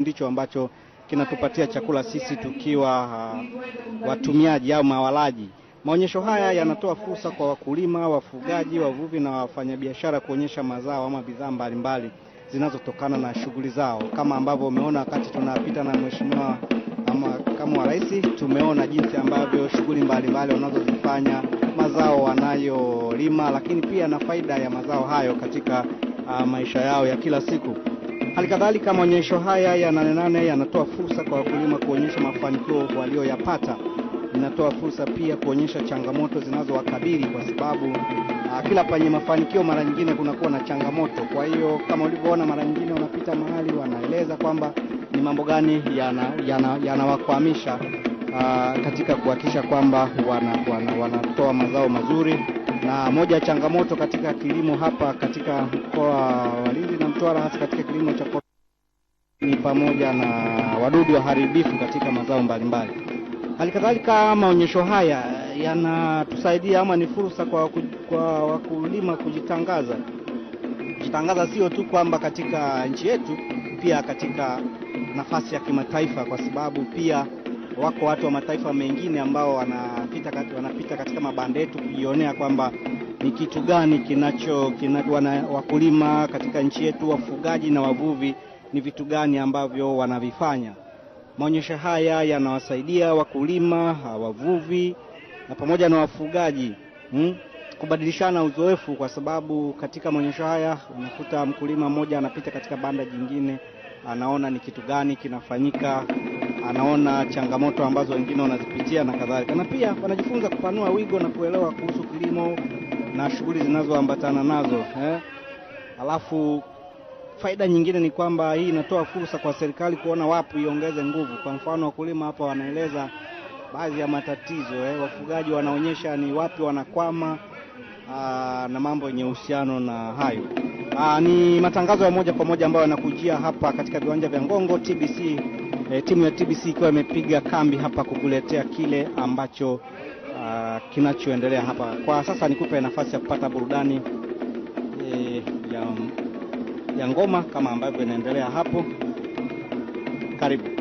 ndicho ambacho kinatupatia chakula sisi tukiwa uh, watumiaji au mawalaji. Maonyesho haya yanatoa fursa kwa wakulima, wafugaji, wavuvi na wafanyabiashara kuonyesha mazao ama bidhaa mbalimbali zinazotokana na shughuli zao, kama ambavyo umeona wakati tunapita na mheshimiwa makamu wa rais, tumeona jinsi ambavyo shughuli mbalimbali wanazozifanya, mazao wanayolima, lakini pia na faida ya mazao hayo katika uh, maisha yao ya kila siku. Halikadhalika, maonyesho haya ya Nane Nane yanatoa fursa kwa wakulima kuonyesha mafanikio walioyapata. Inatoa fursa pia kuonyesha changamoto zinazowakabili kwa sababu uh, kila penye mafanikio mara nyingine kunakuwa na changamoto. Kwa hiyo kama ulivyoona, mara nyingine wanapita mahali wanaeleza kwamba ni mambo gani yanawakwamisha yana, yana ah, katika kuhakikisha kwamba wanatoa wana, wana mazao mazuri, na moja ya changamoto katika kilimo hapa katika mkoa wa kutoa hasa katika kilimo cha ni pamoja na wadudu waharibifu katika mazao mbalimbali. Halikadhalika, maonyesho haya yanatusaidia ama ni fursa kwa, kwa wakulima kujitangaza, kujitangaza sio tu kwamba katika nchi yetu, pia katika nafasi ya kimataifa, kwa sababu pia wako watu wa mataifa mengine ambao wanapita, wanapita katika mabanda yetu kujionea kwamba ni kitu gani kinacho, kina, wana, wakulima katika nchi yetu, wafugaji na wavuvi ni vitu gani ambavyo wanavifanya. Maonyesho haya yanawasaidia wakulima, wavuvi na pamoja na wafugaji hmm, kubadilishana uzoefu, kwa sababu katika maonyesho haya unakuta mkulima mmoja anapita katika banda jingine, anaona ni kitu gani kinafanyika, anaona changamoto ambazo wengine wanazipitia na kadhalika, na pia wanajifunza kupanua wigo na kuelewa kuhusu kilimo na shughuli zinazoambatana nazo eh. Alafu faida nyingine ni kwamba hii inatoa fursa kwa serikali kuona wapi iongeze nguvu. Kwa mfano, wakulima hapa wanaeleza baadhi ya matatizo eh. Wafugaji wanaonyesha ni wapi wanakwama aa, ah, na mambo yenye uhusiano na hayo. Aa, ah, ni matangazo ya moja kwa moja ambayo yanakujia hapa katika viwanja vya Ngongo TBC. E, eh, timu ya TBC ikiwa imepiga kambi hapa kukuletea kile ambacho uh, kinachoendelea hapa kwa sasa. Nikupe nafasi ya kupata burudani e, ya, ya ngoma kama ambavyo inaendelea hapo. Karibu.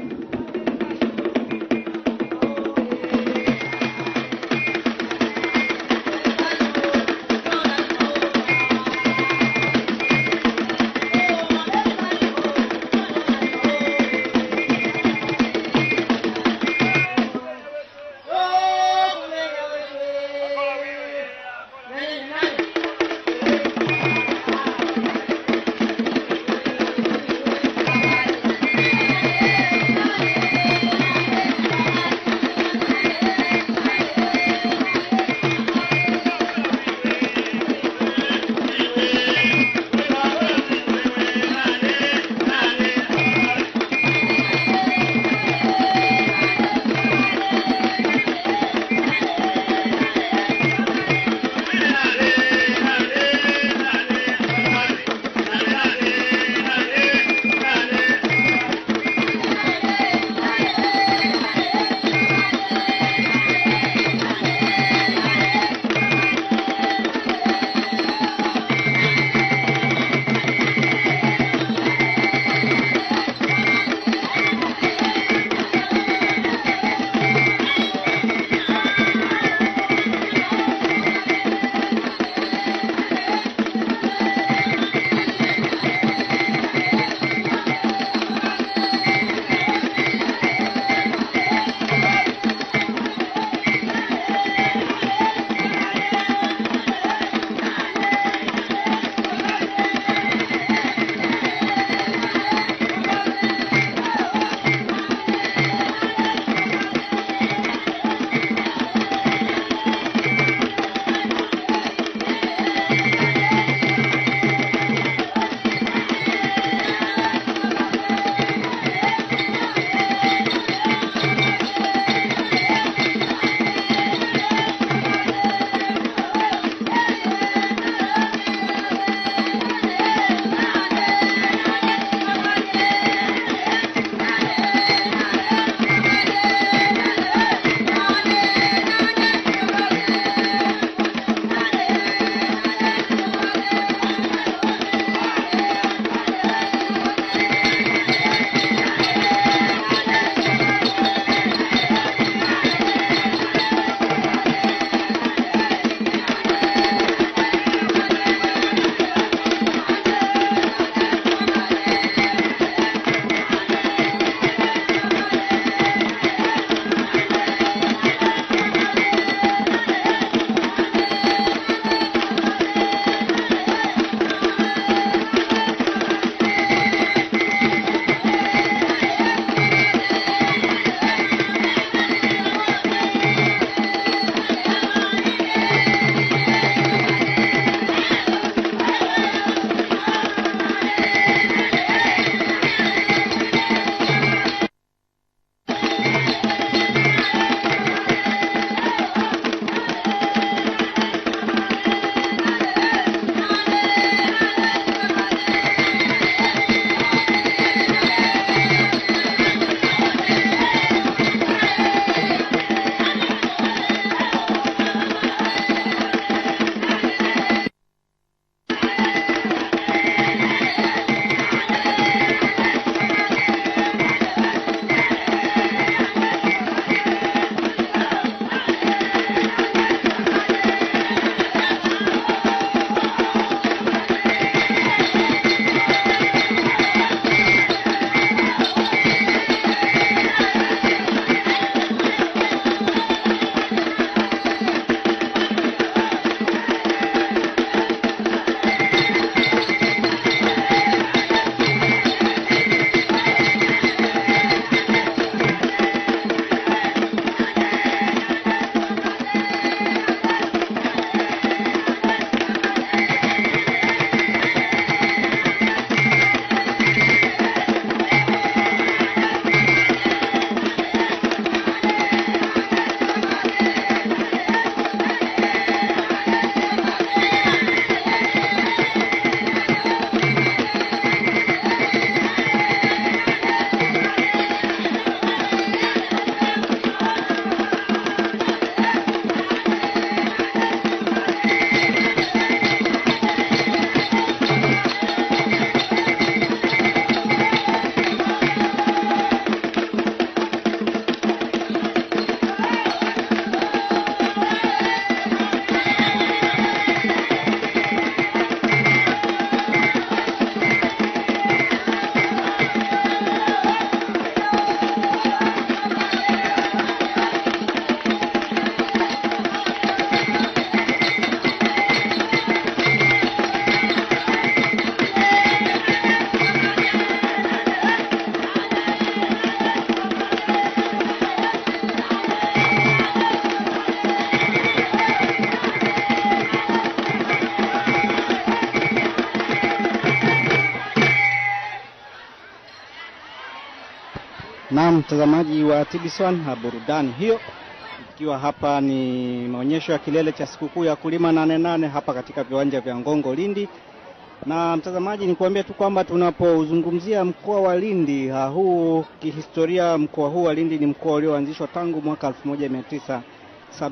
mtazamaji wa TBC na burudani hiyo ikiwa hapa ni maonyesho ya kilele cha sikukuu ya kulima nane nane hapa katika viwanja vya Ngongo Lindi. Na mtazamaji, ni kuambia tu kwamba tunapozungumzia mkoa wa Lindi ah, huu, kihistoria mkoa huu wa Lindi ni mkoa ulioanzishwa tangu mwaka 1900